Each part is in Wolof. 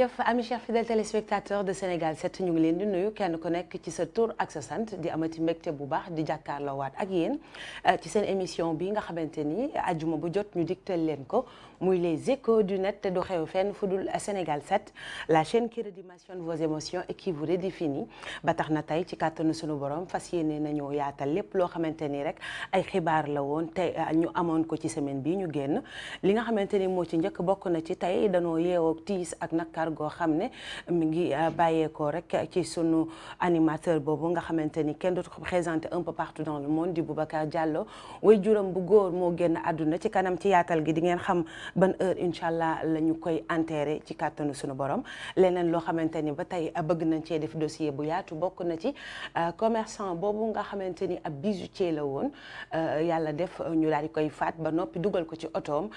jërëjëf ami cher fidèle téléspectateur de Sénégal 7 ñu ngi leen di nuyu kenn ku nekk ci sa tur ak sa sant di amati mbégte bu baax di jàkkaarloowaat ak yéen eh, ci seen émission bi nga xamante ni eh, ajuma bu jot ñu digtal leen ko muy les échos du net te du xew fenn fu dul Sénégal 7 la chaîne qui redimensionne vos émotions et qui vous redéfinit ba tax na tey ci kàttanu sunu borom fas yéene nañu yaatal lépp loo xamante nii rek ay xibaar la woon te euh, ñu amoon ko ci semaine bi ñu génn li nga xamante ni moo ci njëkk bokk na ci tey danoo yeewoo tiis ak nakar goo xam ne mi ngi euh, bàyyeekoo rek ci sunu animateur boobu nga xamante ni kenn dootu ko présenté un peu partout dans le monde di Boubacar Diallo way juram bu góor moo génn àdduna ci kanam ci yaatal gi di ngeen xam ban heure incha allah la ñu koy enterré ci kattanu suñu borom leneen loo xamante ni ba tey ah, bëgg nañ cee def dossier bu yaatu bokk na ci ah, commerçant boobu nga xamante ni ab bijoutier la woon ah, yàlla def ñu daal di koy faat ba noppi dugal ko ci otoom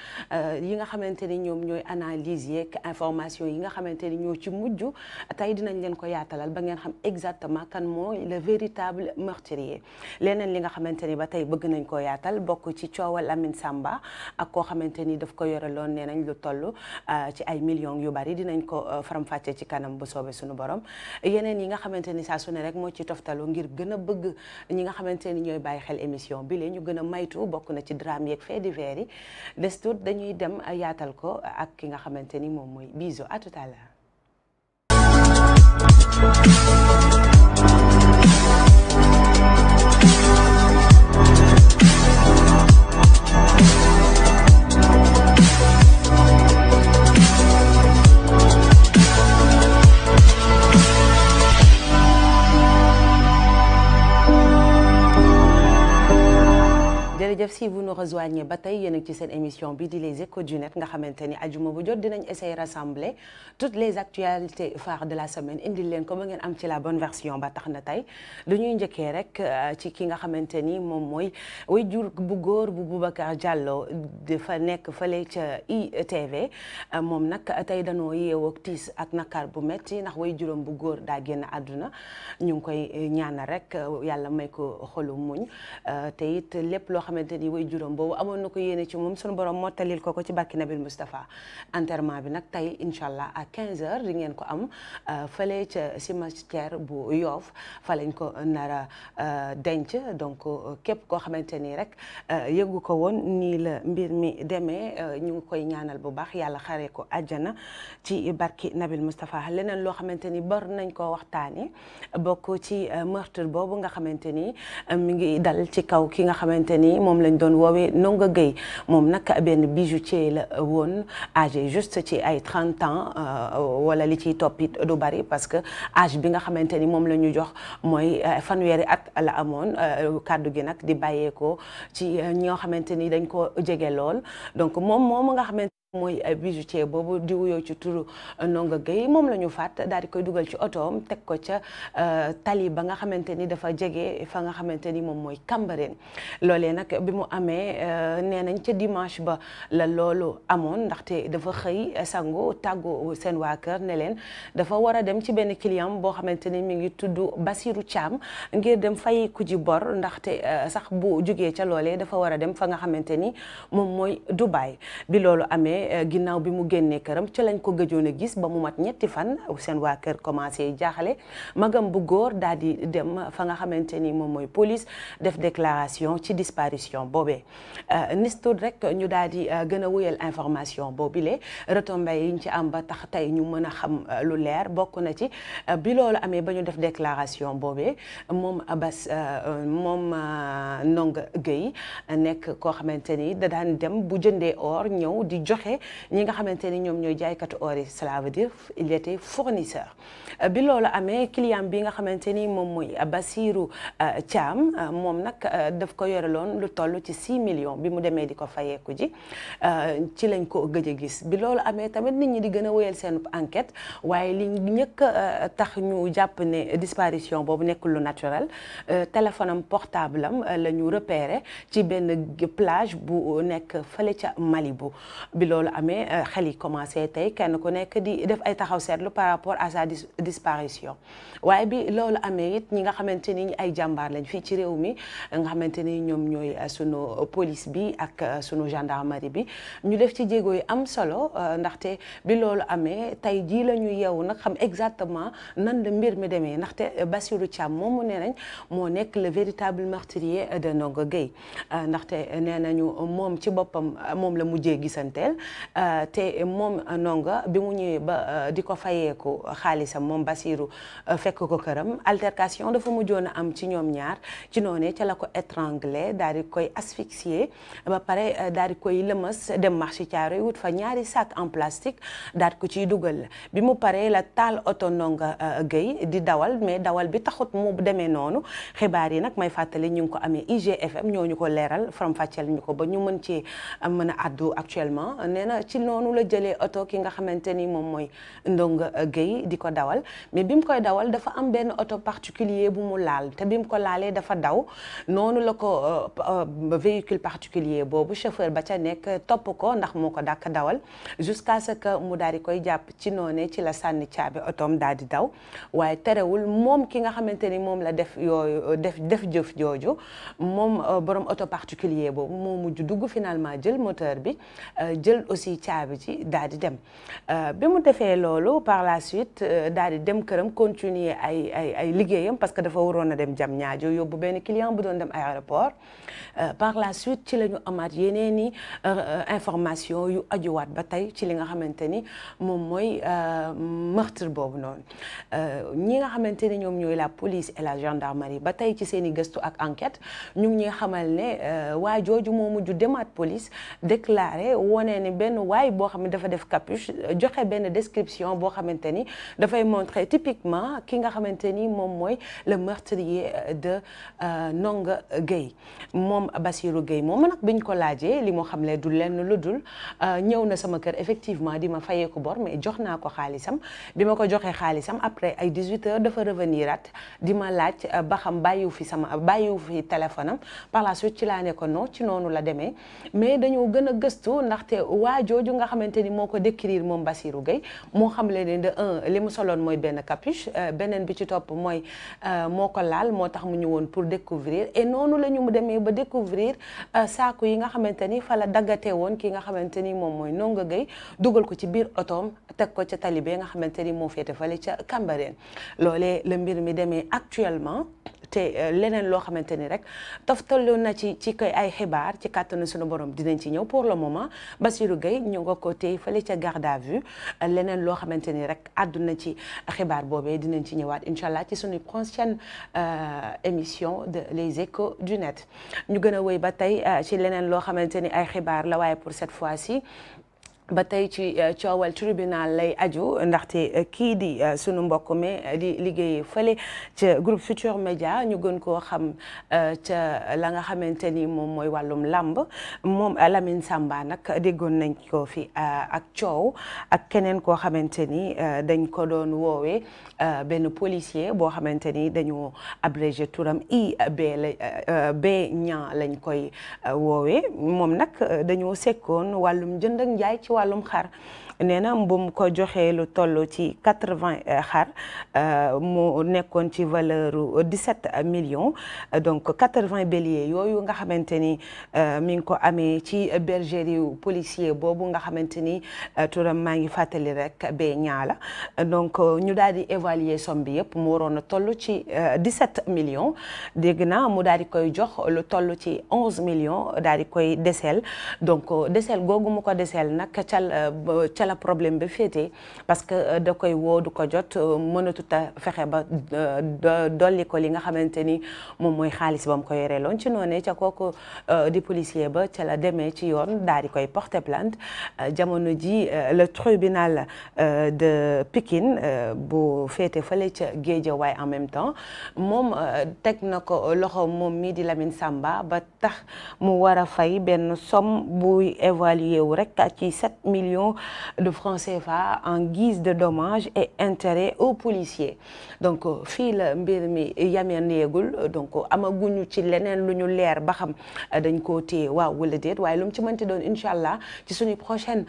yi nga xamante ni ñoom ñooy analyse yeeg information yi nga xamante ni ñoo ci mujj tey dinañ leen ko yaatalal ba ngeen xam exactement kan mooy le véritable meurtrier leneen li nga xamante ni ba tey bëgg nañ ko yaatal bokk ci coowal Lamine Samba ak koo xamante ni daf ko yor tëraloon nee nañ lu toll euh, ci ay millions yu bari dinañ ko euh, faram-fàccee ci kanam bu soobee suñu borom yeneen yi nga xamante ni saa su ne rek moo ci toftalu ngir gën a bëgg ñi nga xamante ni ñooy bàyyi xel émission bi lee ñu gën a maytu bokk na ci drame yeeg di divers yi des dañuy dem yaatal ko ak ki nga xamante ni moom mooy biso à tout jërëjëf si vous nous rejoignez ba tey yéen ci seen émission bi di les échos du nga xamante ni ajuma bu jot dinañ essayer rassembler toutes les actualités phares de la semaine indi leen ko ba ngeen am ci la bonne version ba tax na tey dañuy njëkkee rek euh, ci ki nga xamante ni moom mooy waajur bu góor bu Boubacar Diallo fa nekk fële ca ITV euh, moom nag tey dañoo yeewoo tiis ak nakar bu metti ndax waajuram bu góor daa génn adduna ñu ngi koy ñaana rek yàlla may ko xamante ni way juróom boobu amoon na ko yéene ci moom sunu borom mottalil ko ko ci bàkki Nabil Moustapha enterrement bi nag tey incha allah à 15h di ngeen ko am euh, fële ca cimetière bu Yoff fa lañ ko nar a euh, denc donc euh, képp koo xamante ni rek yëgu ko woon ni la mbir mi demee ñu ngi koy ñaanal bu baax yàlla xaree ko àjjana ci barki Nabil Moustapha leneen loo xamante ni bor nañ ko waxtaanee bokk ci meurtre boobu nga xamante mi ngi dal ci kaw ki nga xamante moom lañ doon woowee Ndongo Gueye moom nag benn bijoutier la woon âgé juste ci ay 30 ans euh, wala li ciy toppit du bari parce que âge bi nga xamante ni moom la ñu jox mooy euh, fanweeri at ala amoon euh, kàddu gi nag di bàyyeekoo ci ñoo xamante ni dañ ko jege lool donc moom moom nga xamante mooy bijoutier boobu di wuyoo ci turu Ndongo Gueye moom la ñu faat daal di koy dugal ci otoom teg ko ca euh, tali ba nga xamante ni dafa jege fa nga xamante ni moom mooy Cambérène loolee nag bi mu amee euh, nee nañ ca dimanche ba la loolu amoon ndaxte dafa xëy sango tàggu seen waa kër ne leen dafa war a dem ci benn client boo xamante ni mi ngi tudd Basirou Thiam ngir dem fay ku ji bor ndaxte euh, sax bu jugee ca loolee dafa war a dem fa nga xamante ni moom mooy Dubaï bi loolu amee. Eh, ginnaaw bi mu génnee këram ca lañ ko gëjoon a gis ba mu mat ñetti fan seen waa kër commencé jaaxale magam bu góor daal di dem fa nga xamante ni moom mooy police def déclaration ci disparition boobee eh, nistud rek ñu daal di eh, gën a wuyal information boobile retombées yi ñu ci am ba tax tey ñu mën a xam lu leer bokk na ci bi loolu amee ba ñu def déclaration boobee moom Abass moom Ndongo Gueye nekk koo xamante ni da daan dem bu jëndee or ñëw di joxe. waaye ñi nga xamante ni ñoom ñooy jaaykatu or yi cela veut dire il était fournisseur bi loolu amee client bi nga xamante ni moom mooy Basirou euh, Thiam euh, moom nag euh, daf ko yore loon lu toll ci 6 millions bi mu demee di ko fayeeku ji ci lañ ko gëj a gis bi loolu amee tamit nit ñi di gën a wéyal seen enquête waaye li ñëkk tax ñu jàpp ne disparition boobu nekkul lu naturel téléphone am portable am la ñu repéré ci benn plage bu nekk fële ca Malibu bi loolu loolu amee euh, xel yi commencé tey kenn ku nekk di def ay taxaw seetlu par rapport à sa disparition waaye bi loolu amee it ñi nga xamante ni ay jàmbaar lañ fii ci réew mi nga xamante ni ñoom ñooy euh, sunu police bi ak euh, sunu gendarmerie bi ñu def ci jéego yi am solo ndaxte bi loolu amee tey jii la ñu yeewu nag xam exactement nan la mbir mi demee ndaxte Bassirou Thiam moom mu ne nañ moo nekk le véritable meurtrier de Ndongo Gueye ndaxte nee nañu moom ci boppam moom la mujjee gisanteel Euh, te moom ndongo bi mu ñëwee ba euh, di ko fayeeku xaalisam moom Basiiru euh, fekk ko këram altercation dafa mu a am ci ñoom ñaar ci noonee ci la ko étranglé daal di koy asphyxier ba pare daal koy lëmas dem marché Thiaroye wut fa ñaari sac en plastique daad ko ciy dugal bi mu paree la taal oto ndongo Guèye di dawal mais dawal bi taxut mu demee noonu xibaar yi nag may fàttali ñu ngi ko amee IGFM ñoo ñu ko leeral faram fàcceel ñu ko ba ñu mën cee mën a addu actuellement nee na ci noonu la jëlee oto ki nga xamante ni moom mooy Ndonga Gueye di ko dawal mais bi mu koy dawal dafa am benn oto particulier bu mu laal te bi mu ko laalee dafa daw noonu la ko euh, véhicule particulier boobu chauffeur ba ca nekk topp ko ndax moo ko dàkk dawal jusqu'à ce que mu daal di koy jàpp ci noone ci la sànni caabi otoom daal di daw waaye terewul moom ki nga xamante ni moom la def yooyu def def jëf jooju moom euh, borom oto particulier boobu moo mujj dugg finalement jël moteur bi euh, jël aussi caabi ci daal di dem euh, bi mu defee loolu par la suite euh, daal di dem këram continuer ay ay ay liggéeyam parce que dafa waroon a dem jam ñaajo yóbbu benn client bu doon dem aéroport euh, par la suite ci la ñu amaat yeneen i information yu ajuwaat ba tey ci li nga xamante ni moom mooy meurtre boobu noonu ñi nga xamante ni ñoom ñooy la police et la gendarmerie ba tey ci seen i gëstu ak enquête ñu ngi ñuy xamal ne waa jooju moo mujj demaat police déclaré wone benn waay boo xam ne dafa def capuche joxe benn description boo xamante ni dafay montrer typiquement ki nga xamante nii moom mooy le meurtrier de euh, Ndongo Gueye moom Bassirou géey moom nag biñ ko laajee li moo xam ne du lenn lu dul euh, ñëw na sama kër effectivement di ma fayee ko bor mais jox naa ko xaalisam bi ma ko joxee xaalisam après ay 18 heures dafa revenirat di ma laaj euh, ba xam bàyyiwu fi sama bàyyiwu fi téléphone am par la suite ci laa ne ko ci noonu la demee waa jooju nga xamante ni moo ko décrire moom Bassirou Gueye moo xam leen de li mu soloon mooy benn capuche euh, beneen bi ci topp mooy euh, moo ko laal moo tax mu ñëwoon pour découvrir et noonu la ñu mu demee ba découvrir euh, saaku yi nga xamante ni fa la daggate woon ki nga xamante ni moom mooy Ndongo Gueye dugal ko ci biir otoom teg ko ca talibé nga xamante ni moo féete fale ca Cambérène loole la mbir mi demee actuellement te euh, leneen loo xamante ni rek toftaloon na ci ci koy ay xibaar ci kàttanu sunu borom dinañ ci ñëw pour le moment Bassirou Gueye ñu nga ko tey fële ca garde à vue euh, leneen loo xamante ni rek àdduna ci xibaar boobee dinañ ci ñëwaat incha allah ci suñu prochaine euh, émission de les échos du net ñu gën a wéy ba tey ci leneen loo xamante ni ay xibaar la waaye pour cette fois si ba tey ci eh, coowal tribunal lay aju ndaxte eh, kii di eh, sunu mbokk mi di liggéey fële ca group Futur Média ñu gën koo xam ca la nga xamante ni moom mooy wàllum làmb moom Lamine Samba nag déggoon nañ ko fi ak coow ak keneen koo xamante ni dañ ko doon woowee benn policier boo xamante ni dañoo abrégé turam i b la b lañ koy woowee moom nag dañoo sekkoon wàllum jënd ak njaay ci ci wàllum xar nee na bu ko joxee lu toll ci quatre-vingts euh, xar euh, mu nekkoon ci valeur u dix-sept millions donc quatre-vingts béliers yooyu nga xamante ni euh, mi ngi ko amee ci bergerie policier boobu nga xamante ni turam maa ngi fàttali rek bee ñaala donc ñu daal di évaluer somme bi yëpp mu waroon a toll ci dix-sept million dégg na mu daal di koy jox lu toll ci onze millions daal di koy deseel donc deseel googu mu ko deseel nag cal ca la problème ba féetee parce que euh, da koy woo du ko jot euh, mënatut a fexe ba euh, dolli ko li nga xamante ni moom mooy xaalis ba mu ko yoree loon ci noonee ca kooku di policier ba ca la demee ci yoon daal di koy porter plainte jamono ji le tribunal de Pikine bu féete fële ca Guédiawaye en même temps moom teg na ko loxo moom mii di lamin Samba ba tax mu war a fay benn somme buy évalué wu rek ci 7 millions de francs CFA en guise de domage et intérêts aux policiers donc euh, fii la mbir mi yamee néegul donc euh, amaguñu ci leneen lu ñu leer ba xam euh, dañ koo téye waaw wala déet waaye lu mu ci mënti doon incha allah ci suñu prochaine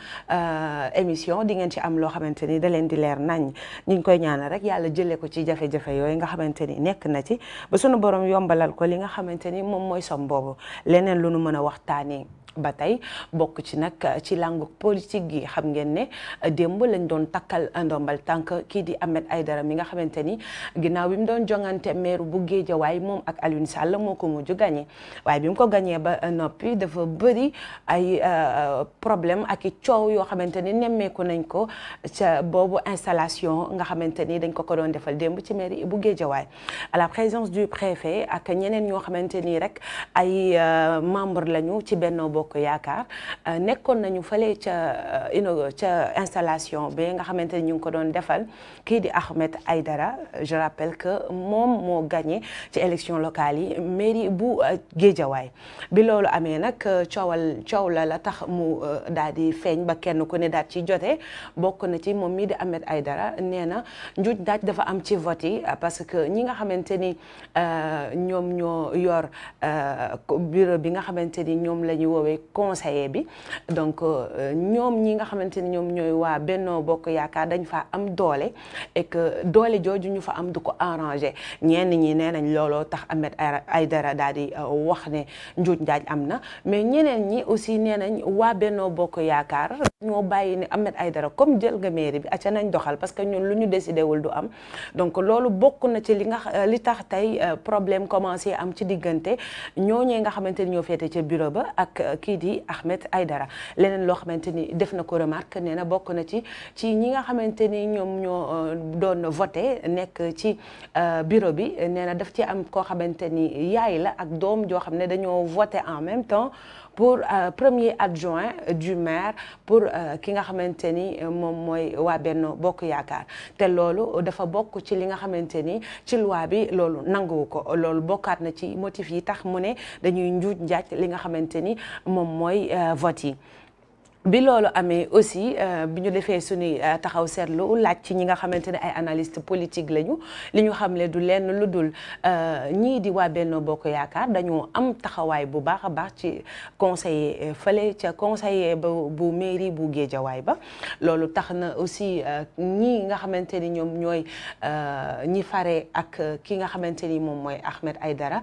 émission di ngeen ci am loo xamante ni da leen di leer nañ ñu ngi koy ñaanal rek yàlla jëlee ko ci jafe-jafe yooyu nga xamante ni nekk na ci ba sunu borom yombalal ko li nga xamante ni moom mooy som boobu leneen lu nu mën a waxtaanee ba tey bokk ci nag eh, ci langue politique gi xam ngeen ne eh, démb lañ doon takkal ndombal tànk kii di ay dara mi nga xamante ni ginnaaw bi mu doon jongante maire bu Guédiawaye moom ak Aliou Sall moo ko mujj gagné waaye bi mu ko gagné ba noppi dafa bëri ay eh, problème ak i coow yoo xamante ni nemmeeku nañ ko ca boobu installation nga xamante ni dañ ko ko doon defal démb ci maire bu Guédiawaye à la présence du préfet ak ñeneen ñoo xamante ni rek ay la lañu ci Benno bokk yaakaar euh, nekkoon nañu fële ca euh, ino ca installation bi nga xamante ni ñu ngi ko doon defal kii di Ahmed Aïdara je rappelle que moom moo gagné ci élection locale yi mairie bu euh, Géejawaay bi loolu amee nag coowal coow la la tax mu daal di feeñ ba kenn ku ne daal ci jote bokk na ci moom mii di Ahmed Aïdara nee na njuuj daaj dafa am ci vote yi parce que ñi nga xamante ni ñoom ñoo yor bi nga xamante ni ñoom la ñu mooy conseiller bi donc ñoom ñi nga xamante ni ñoom ñooy waa Benno Bokk Yaakaar dañ fa am doole et doole jooju ñu fa am du ko arrangé ñenn ñi nee nañ looloo tax Ahmed Aïdara daal di euh, wax ne njuuj njaaj am na mais ñeneen ñi aussi nee nañ waa bennoo Bokk Yaakaar ñoo bàyyi ne ay dara comme jël nga mairie bi acca nañ doxal parce que ñun lu ñu décidé du am donc loolu bokk na ci li nga euh, li tax tey euh, problème commencé am ci diggante ñooñee nga xamante ni ñoo féete ca ba kii di Ahmed Aydara leneen loo xamante ni def na ko remarque nee na bokk na ci ci ñi nga xamante ni ñoom ñoo euh, doon na voté nekk ci euh, bureau bi nee na daf ci am koo xamante ni yaay la ak doom joo xam ne dañoo voté en même temps pour euh, premier adjoint du maire pour euh, ki nga xamante ni euh, moom mooy waa Benno Bokk Yaakaar te loolu dafa bokk ci li nga xamante ni ci loi bi loolu nanguwu ko loolu bokkaat na ci motif yi tax mu ne dañuy njuuj njaaj li nga xamante ni moom mooy vote yi bi loolu amee aussi euh, bi ñu defee suñuy euh, taxaw seetlu laaj ci ñi nga xamante ne ay analyste politique lañu li ñu xamle du lenn lu dul euh, ñii di waa Benno Bokk Yaakaar dañoo am taxawaay bu baax a baax ci conseiller fële ca conseiller ba bu mairie bu Géejawaay ba loolu tax na aussi ñii nga xamante ni ñoom ñooy ñi fare ak ki nga xamante ni moom mooy Ahmed dara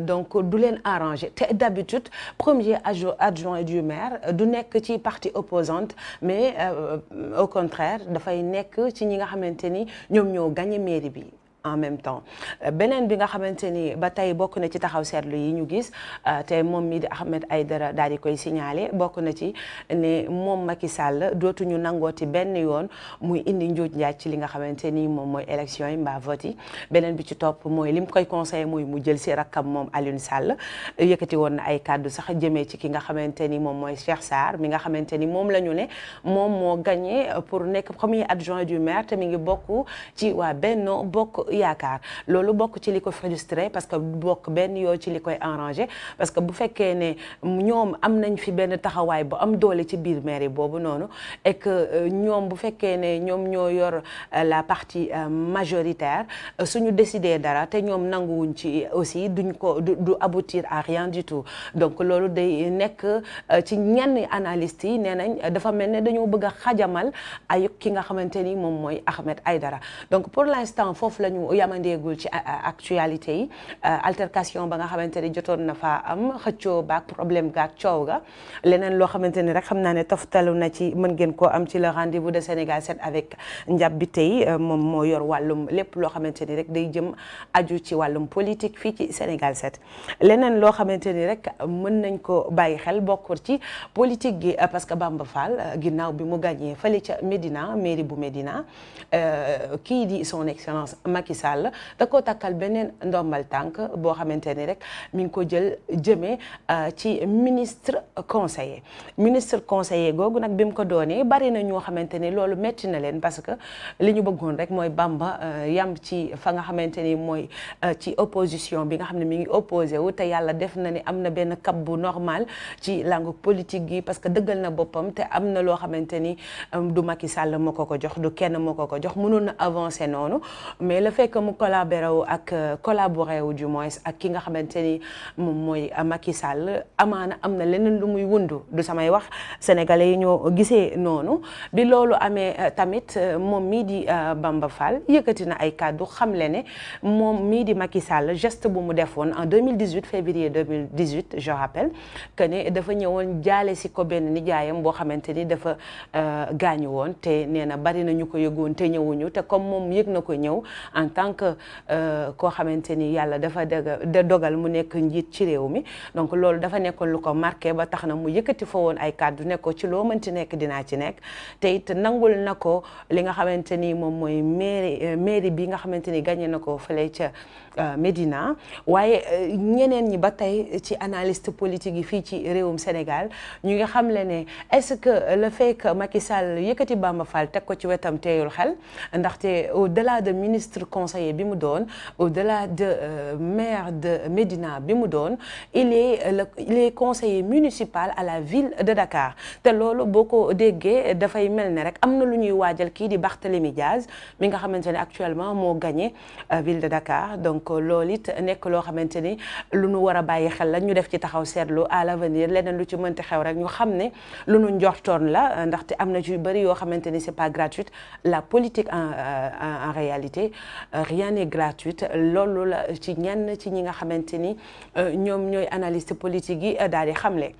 donc du leen arrangé te d'habitude premier adjoint du maire du nekk ci partie opposante mais euh, euh, au contraire dafay nekk ci ñi nga xamante ni ñoom ñoo gagné mairie bi en même temps euh, beneen bi nga xamante ni ba tey bokk na ci taxaw seetlu yi ñu gis euh, te moom mi di ay dara daal di koy signalé bokk na ci ne moom Macky Sall dootuñu nangooti benn yoon muy indi njuuj njaaj ci li nga xamante ni moom mooy élection yi mbaa vote yi beneen bi ci topp mooy lim koy conseillé mooy mu jël si rakkam moom alin Sall yëkkati woon na ay kàddu sax jëmee ci ki nga xamante ni moom mooy Cheikh Sarr mi nga xamante ni moom la ñu ne moom moo gagné pour nekk premier adjoint du maire mi ngi bokk ci yaakaar loolu bokk ci li ko frustré parce que bokk benn yoo ci li koy arrangé parce que bu fekkee ne ñoom am nañ fi benn taxawaay bu am doole ci biir mairie boobu noonu ek que euh, ñoom bu fekkee ne ñoom ñoo yor euh, la partie euh, majoritaire suñu décider dara te ñoom nanguwuñ ci aussi duñ ko du aboutir à rien du tout donc loolu day nekk ci ñenn analystes yi nee nañ dafa mel ne dañoo bëgg a xajamal ay ki nga xamante ni moom mooy Ahmed Aïdara donc pour l'instant foofu lañu ñu yamandeegul ci euh, actualité yi euh, altercation ba nga xamante ne jotoon na faa am xëccoo ba problème ga coow ga leneen loo xamante ni rek xam naa ne toftalu na ci mën ngeen ko am ci le rendez-vous de Sénégal set avec Ndiab bi tey euh, moom moo yor wàllum lépp loo xamante ni rek day jëm aju ci wàllum politique fii ci Sénégal 7 leneen loo xamante ni rek mën nañ ko bàyyi xel bokkur ci politique gi parce que Bamba Fall ginnaaw bi mu gagné fële ca Médina mairie bu Médina ki Macky Sall da koo takkal beneen ndombal tànk boo xamante ni rek mi ngi ko jël jëmee euh, ci ministre conseiller ministre conseiller googu nag bi mu ko doonee bari na ñoo xamante ni loolu metti na leen parce que li ñu bëggoon rek mooy bàmba euh, yam ci fa nga xamante ni mooy euh, ci opposition bi nga xam ne mu ngi opposé wu te yàlla def na ni am na benn cap bu normal ci langue politique gi parce que dëggal na boppam te am na loo xamante ni du Macky Sall moo ko ko jox du kenn moo ko ko jox mënoon na noonu fait que mu collaboré wu ak euh, collaboré wu du moins ak ki nga xamante ni moom mooy euh, Macky Sall amaana am na leneen lu muy wundu du samay wax sénégalais yi ñoo gisee noonu bi loolu amee euh, tamit moom mii di Bamba Fall yëkkati na ay kàddu xam le ne moom mii di Macky Sall geste bu mu defoon en 2018 février 2018 je rappelle que ne dafa ñëwoon jaale si ko benn nijaayam boo xamante ni dafa gaañu woon te nee na bari na ñu ko yëgoon te ñëwuñu te comme moom yëg na ko ñëw tant que euh, koo xamante ni yàlla dafa de dogal mu nekk njiit ci réew mi donc loolu dafa nekkoon lu ko marqué ba tax na mu yëkkati fa woon ay kàddu ne ko ci loo mënti nekk dinaa ci nekk te nangul na ko li nga xamante ni moom mooy mairie euh, mairie bi nga xamante ni gagné na ko fële ca euh, Médina waaye ñeneen ñi ba tey ci analyste politique yi fii ci réewum Sénégal ñu ngi xam le ne est-ce que le fait que Macky Sall yëkkati Bamba Fall teg ko ci wetam teeyul xel conseiller bi mu doon au-delà de euh, maire de Médina bi mu doon il est euh, le il est conseiller municipal à la ville de Dakar te loolu boo ko déggee dafay mel ne rek am na lu ñuy waajal kii di Barthélémy Diaz mi nga xamante ne actuellement moo gagné euh, ville de Dakar donc loolu it nekk loo xamante ni lu nu war a bàyyi xel la ñu def ci taxaw seetlu à l'avenir leneen lu ci mënti xew rek ñu xam ne lu nu njortoon la ndaxte am na ci yu bëri yoo xamante ni c'est pas gratuit la politique en en réalité Euh, rien n'est gratuit loolu la ci ñenn ci ñi nga xamante ni euh, ñoom ñooy analyste politique yi euh, daal di xamle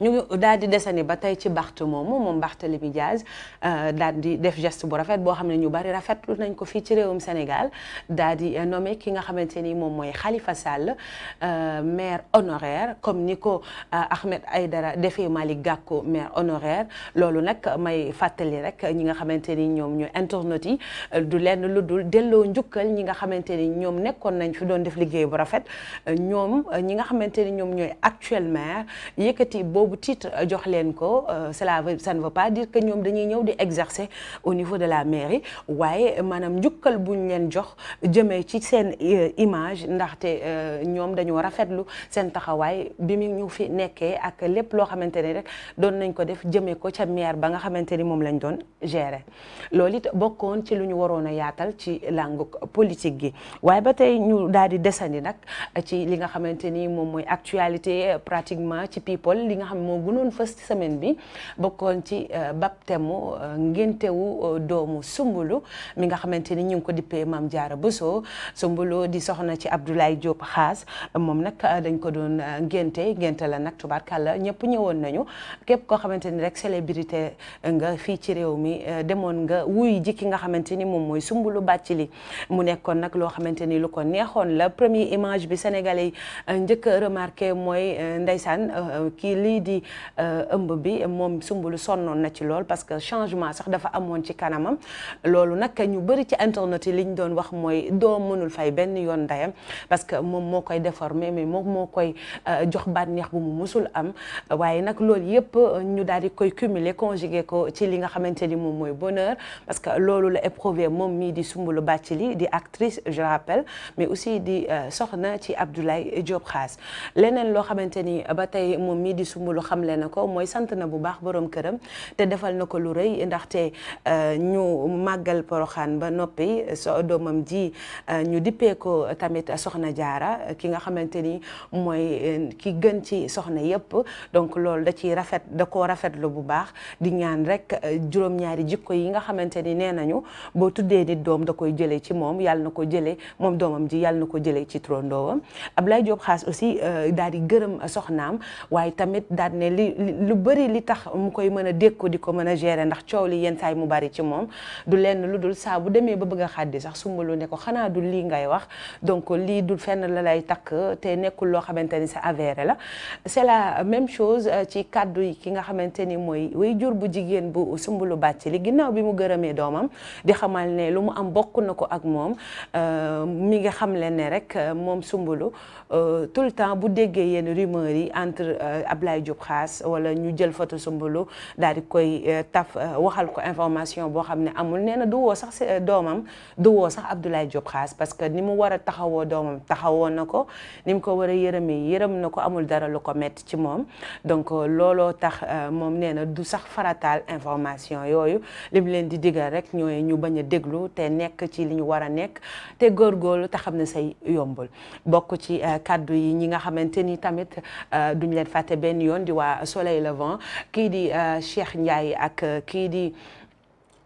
ñu ngi daal di desani ba tey ci Barth moomu moom Barthélémy Dias euh, daal di def geste bu rafet boo xam ne ñu bari rafetlu nañ ko fii ci réewum Sénégal daal di euh, nommé ki nga xamante ni moom mooy xalifa Sall euh, maire honoraire comme ni ko Ahmed Aïdara defee Malick Gakou maire honoraire loolu nag may fàttali rek ñi nga xamante ni ñoom ñooy internautes yi du lenn lu dul delloo njukkal ñi nga xamante ni ñoom nekkoon nañ fi doon def liggéey bu rafet ñoom ñi nga xamante ni ñoom ñooy actuellement yëkkati boobu titre euh, jox leen ko euh, cela ça ne dire que ñoom dañuy ñëw di exercer au niveau de la mairie waaye maanaam njukkal buñ leen jox jëmee ci seen euh, image ndaxte ñoom dañu dañoo rafetlu seen taxawaay bi mu ñu fi nekkee ak lépp loo xamante ni rek doon nañ ko def jëmee ko ca maire ba nga xamante ni moom lañ doon gere loolu it bokkoon ci lu ñu waroon a yaatal ci langue politique gi waaye ba tey ñu daal di nag ci li nga xamante moom mooy actualité pratiquement xam moo gënoon fës ci semaine bi bokkoon ci euh, baptême euh, ngéntewu euh, doomu Sumbulu mi nga xamante ni ñu ngi ko dippee Maam Jaara Bousso Sumbulu di soxna ci Abdoulaye Diop Xaas moom nag dañ ko doon ngénte ngénte la nag tubaarkàlla ñëpp ñëwoon nañu képp koo xamante ni rek célébrité nga fii ci réew mi demoon nga wuy jikki nga xamante ni moom mooy Sumbulu li mu nekkoon nag loo xamante ni lu ko neexoon la premier image bi sénégalais njëkk remarqué mooy ndeysaan kii di euh, ëmb bi moom Soumboulou sonnoon na ci lool parce que changement sax dafa amoon ci kanamam loolu nag ñu bëri ci internet yi li ñu doon wax mooy doom mënul fay benn yoon ndeyam parce que moom moo koy déformé mais moom moo koy euh, jox bànneex bu mu mosul am waaye nag loolu yëpp euh, ñu daal di koy cumuler conjuguer ko ci li nga xamante ni moom mooy bonheur parce que loolu la éprouvé moom mii di Soumboulou li di actrice je rappelle mais aussi di soxna ci Abdoulaye Diop Khass leneen loo Souleyboulou xamle na ko mooy sant na bu baax borom këram te defal na ko lu rëy ndaxte euh, ñu màggal poroxaan ba noppi euh, so doomam ji euh, ñu dippee ko tamit soxna jaara ki nga xamante ni mooy ki gën ci soxna yépp donc loolu da ciy rafet da koo rafetlu bu baax di ñaan rek juróom-ñaari jikko yi nga xamante ni nee nañu boo tuddee nit doom da koy jëlee ci moom yàlla na ko jëlee moom doomam ji yàlla na ko jëlee ci trondoowam Ablaye Diop Xaas aussi daal di gërëm soxnaam waaye tamit. daal ne li lu bëri li tax mu koy mën a dékku di ko mën a jeere ndax coow li yenn saay mu bari ci moom du lenn lu dul saa bu demee ba bëgg a xàddi sax sumbalu ne ko xanaa du lii ngay wax donc lii dul fenn la lay takk te nekkul loo xamante ni sa avéré la c'est la même chose euh, ci kaddu yi ki nga xamante ni mooy way jur bu jigéen bu sumbalu bàcc li ginnaaw bi mu gërëmee doomam di xamal ne lu mu am bokk na ko ak moom euh, mi nga xam leen ne rek euh, moom sumbalu tout le temps bu déggee Diop xaas wala ñu jël photo Soumboulou daal di koy euh, taf euh, waxal ko information boo xam ne amul nee na du woo sax euh, doomam du woo sax Abdoulaye Diop xaas parce que ni mu war taxawoo doomam taxawoo na ko ni mu ko war a yërëmee yërëm na ko amul dara lu ko metti ci moom donc looloo tax moom nee na du sax farataal information yooyu li leen di digal rek ñooy ñu bañ a déglu te nekk ci li ñu war a nekk te góorgóorlu te xam ne say yombul bokk ci kàddu yi ñi nga xamante ni tamit doon di waa Soleil Levant kii di euh, Cheikh Ndiaye ak euh, kii di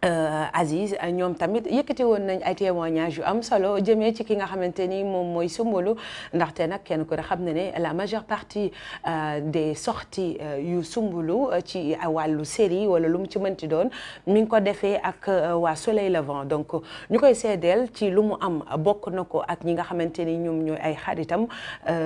Euh, Aziz ñoom tamit yëkkati woon nañ ay témoignages yu am solo jëmee ci ki nga xamante ni moom mooy Soumboulou ndaxte nag kenn ku ne xam na ne la majeure partie euh, des sorties euh, yu Soumboulou ci wàllu série wala lu mu ci mënti doon mi ngi ko defee ak waa Soleil Levant donc ñu koy seedeel ci lu mu am bokk na ko ak ñi nga xamante ni ñoom ñooy ay xaritam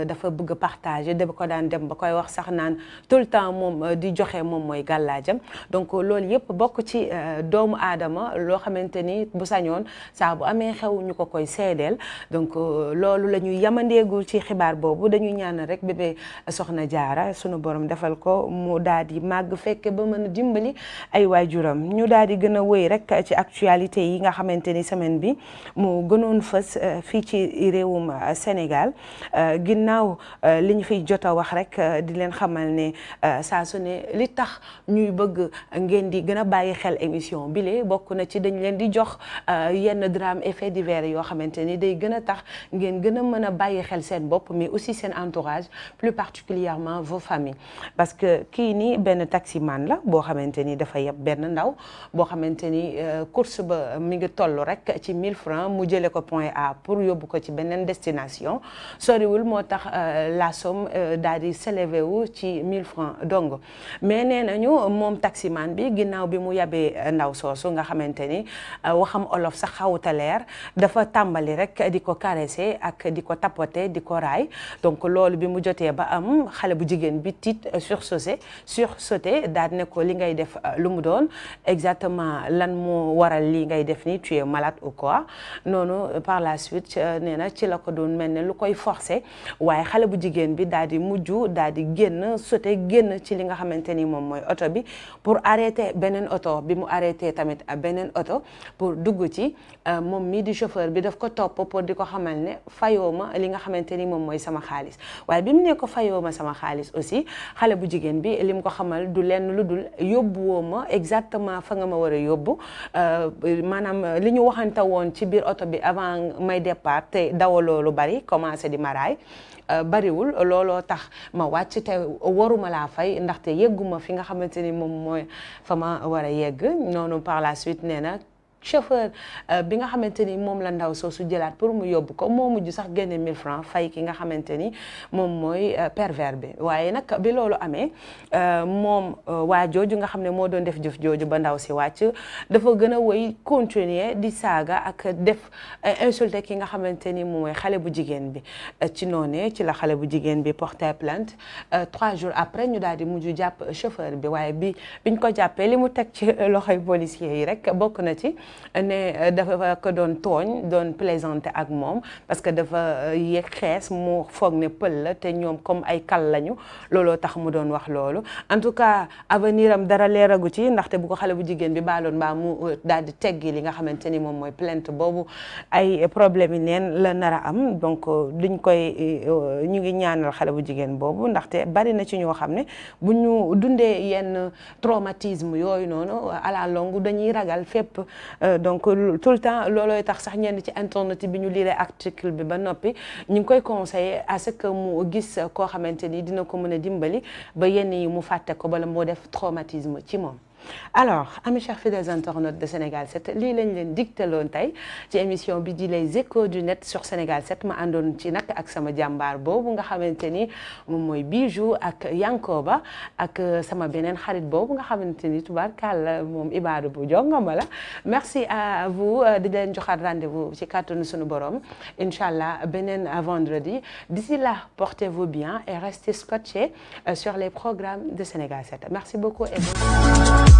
dafa bëgg a de da ko daan dem ba koy wax sax naan tout le temps moom di joxe moom mooy gàllaajam donc loolu yëpp bokk ci doomu aadama loo xamante ni bu sañoon saa bu amee xew ñu ko koy seedeel donc euh, loolu la ñuy yamandeegul ci xibaar boobu dañuy ñaanal rek bébé soxna jaara sunu borom defal ko mu daal di màgg fekke ba mën a dimbali ay waajuram ñu daal di gën a wëy rek ci actualité yi nga xamante ni semaine bi mu gënoon fës euh, fii ci réewum euh, Sénégal ginnaaw li ñu fiy jot a wax rek di leen xamal ne saa sune li tax ñuy bëgg ngeen di gën a bàyyi xel émission bi jógee bokk na ci dañ leen di jox euh, yenn drame effet divers yoo xamante nii day gën a tax ngeen gën a mën a bàyyi xel seen bopp mais aussi seen entourage plus particulièrement vos familles parce que kii nii benn taximan la boo xamante ni dafa yeb benn ndaw boo xamante ni euh, course ba mi ngi toll rek ci mille francs mu jëlee ko point A pour yóbbu ko ci beneen destination soriwul moo tax euh, la somme daal di s'élever ci mille francs donc mais nee nañu moom bi ginnaaw bi mu yabee ndaw soos soosu nga xamante ni euh, waxam olof sax xawuta leer dafa tàmbali rek di ko caresser ak di ko tapoter di ko raay donc loolu bi mu jotee ba am xale bu jigéen bi tit tiit euh, sursauté sursauté daal ne ko li ngay def euh, lu mu doon exactement lan moo waral lii ngay def ni tu es malade ou quoi noonu par la suite nee na ci la ko doon mel ne lu koy forcé waaye xale bu jigéen bi daal di mujj daal di génn sauté génn ci li nga xamante ni moom mooy oto bi pour arrêter beneen oto bi a beneen oto pour dugg ci euh, moom mii di chauffeur bi daf ko topp pour di ko xamal ne fayoo ma li nga xamante ni moom mooy sama xaalis waaye bi mu ne fayoo ma sama xaalis aussi xale bu jigéen bi lim ko xamal du lenn lu dul yóbbu woo ma exactement fa nga ma war a yóbbu euh, maanaam li ñu waxante woon ci biir oto bi avant may départ te dawaloo lu bari commencé di maraay Euh, bariwul looloo tax ma wàcc te waruma laa fay ndaxte yegguma fi nga xamante ni moom mooy fa ma war a yegg noonu par la suite nee na chauffeur euh, bi nga xamante ni moom la ndaw soo su jëlaat pour mu yóbbu ko moo mujj sax génne 1000 francs fay ki nga xamante ni moom mooy euh, pervers bi waaye nag bi loolu amee euh, moom waa jooju nga xam ne moo doon def jëf jooju ba ndaw si wàcc dafa gën a wëy continuer di saaga ak def insulté ki nga xamante ni moom mooy xale bu jigéen bi ci noonee ci la xale bu jigéen bi porté plainte trois jours après ñu daal di mujj jàpp chauffeur bi waaye bi biñ ko jàppee li mu teg ci loxoy policier yi rek bokk na ci ne euh, dafa ko doon tooñ doon plaisanter ak moom parce que dafa euh, yéeg xees mu foog ne pël la te ñoom comme ay kal lañu looloo tax mu doon wax loolu en tout cas avenir am dara leeragu ci ndaxte bu xale bu jigéen bi baaloon mbaa mu euh, daal di teggi li nga xamante ni moom mooy plainte boobu ay problème yi neen la nar a am donc duñ koy ñu ngi ñaanal xale bu jigéen boobu ndaxte bari na ci ñoo xam ne bu ñu dundee yenn traumatisme yooyu noonu à dañuy ragal fépp Euh, donc euh, tout le temps loolooy tax sax ñenn ci internet bi ñu liiree article bi ba noppi ñu ngi koy conseil à ce que mu gis koo xamante ni dina ko mën a dimbali ba yenn yi mu fàtte ko bala moo def traumatisme ci moom. alors amis chers fidèles internautes de Sénégal 7 lii lañ leen digtaloon tey ci émission bi di les échos du net sur Sénégal set ma àndoon ci nag ak sama jàmbaar boobu nga xamante ni moom mooy Bijou ak Yankoba ak euh, sama beneen xarit boobu nga xamante ni tubaarkàlla moom ibaadu bu jongama la merci à vous euh, di leen joxaat rendez-vous ci kàttanu sunu borom incha allah beneen vendredi d'ici là portez-vous bien et restez scotchés euh, sur les programmes de Sénégal 7 merci beaucoup